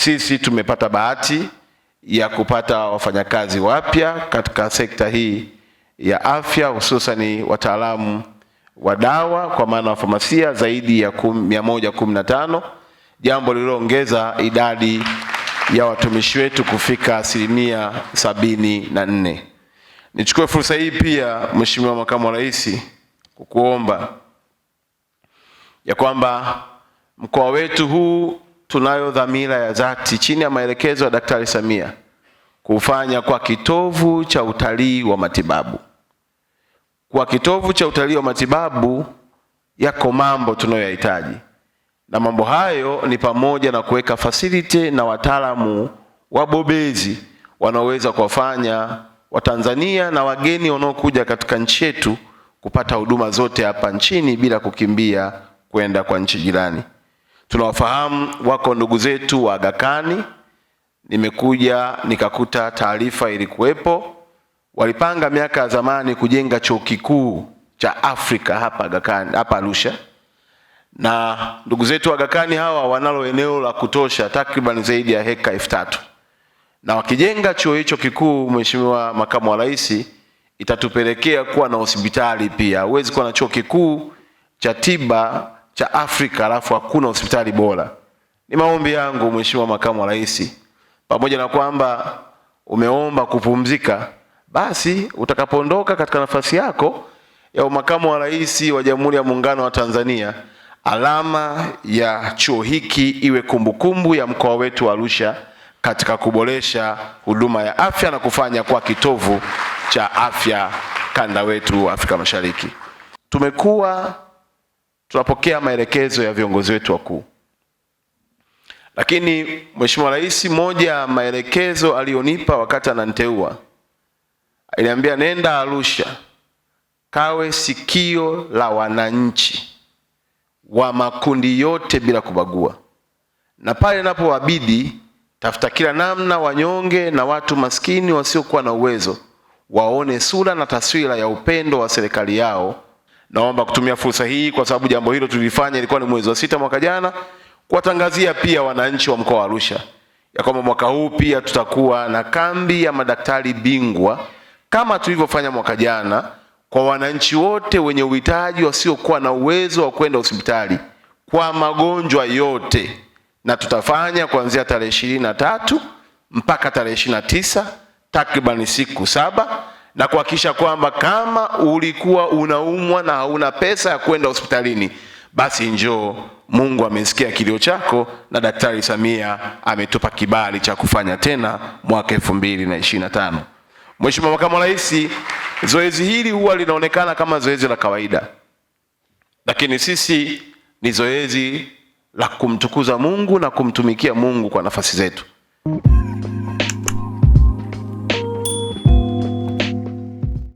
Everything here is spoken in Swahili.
Sisi tumepata bahati ya kupata wafanyakazi wapya katika sekta hii ya afya, hususani wataalamu wa dawa kwa maana wa famasia zaidi ya mia moja kumi na tano, jambo lililoongeza idadi ya watumishi wetu kufika asilimia sabini na nne. Nichukue fursa hii pia, Mheshimiwa Makamu wa Rais, kukuomba ya kwamba mkoa wetu huu tunayo dhamira ya dhati chini ya maelekezo ya Daktari Samia kufanya kwa kitovu cha utalii wa matibabu. Kwa kitovu cha utalii wa matibabu, yako mambo tunayoyahitaji, na mambo hayo ni pamoja na kuweka facility na wataalamu wabobezi wanaoweza kuwafanya Watanzania na wageni wanaokuja katika nchi yetu kupata huduma zote hapa nchini bila kukimbia kwenda kwa nchi jirani. Tunawafahamu, wako ndugu zetu wa Aga Khan. Nimekuja nikakuta taarifa ilikuwepo, walipanga miaka ya zamani kujenga chuo kikuu cha Afrika hapa Aga Khan, hapa Arusha, na ndugu zetu wa Aga Khan hawa wanalo eneo la kutosha takriban zaidi ya heka elfu tatu na wakijenga chuo hicho kikuu, Mheshimiwa Makamu wa Rais, itatupelekea kuwa na hospitali pia. Huwezi kuwa na chuo kikuu cha tiba cha Afrika alafu hakuna hospitali bora. Ni maombi yangu Mheshimiwa Makamu wa Rais, pamoja na kwamba umeomba kupumzika, basi utakapoondoka katika nafasi yako ya umakamu wa rais wa Jamhuri ya Muungano wa Tanzania, alama ya chuo hiki iwe kumbukumbu kumbu ya mkoa wetu wa Arusha katika kuboresha huduma ya afya na kufanya kwa kitovu cha afya kanda wetu wa Afrika Mashariki. Tumekuwa tunapokea maelekezo ya viongozi wetu wakuu. Lakini Mheshimiwa Rais, moja ya maelekezo aliyonipa wakati ananiteua, aliniambia nenda Arusha, kawe sikio la wananchi wa makundi yote bila kubagua, na pale inapowabidi tafuta kila namna wanyonge na watu maskini wasiokuwa na uwezo waone sura na taswira ya upendo wa serikali yao Naomba kutumia fursa hii kwa sababu jambo hilo tulifanya, ilikuwa ni mwezi wa sita mwaka jana, kuwatangazia pia wananchi wa mkoa wa Arusha ya kwamba mwaka huu pia tutakuwa na kambi ya madaktari bingwa kama tulivyofanya mwaka jana kwa wananchi wote wenye uhitaji wasiokuwa na uwezo wa kwenda hospitali kwa magonjwa yote, na tutafanya kuanzia tarehe ishirini na tatu mpaka tarehe ishirini na tisa takribani siku saba na kuhakikisha kwamba kama ulikuwa unaumwa na hauna pesa ya kwenda hospitalini, basi njoo. Mungu amesikia kilio chako na Daktari Samia ametupa kibali cha kufanya tena mwaka 2025. Mheshimiwa Makamu wa Rais, zoezi hili huwa linaonekana kama zoezi la kawaida, lakini sisi ni zoezi la kumtukuza Mungu na kumtumikia Mungu kwa nafasi zetu.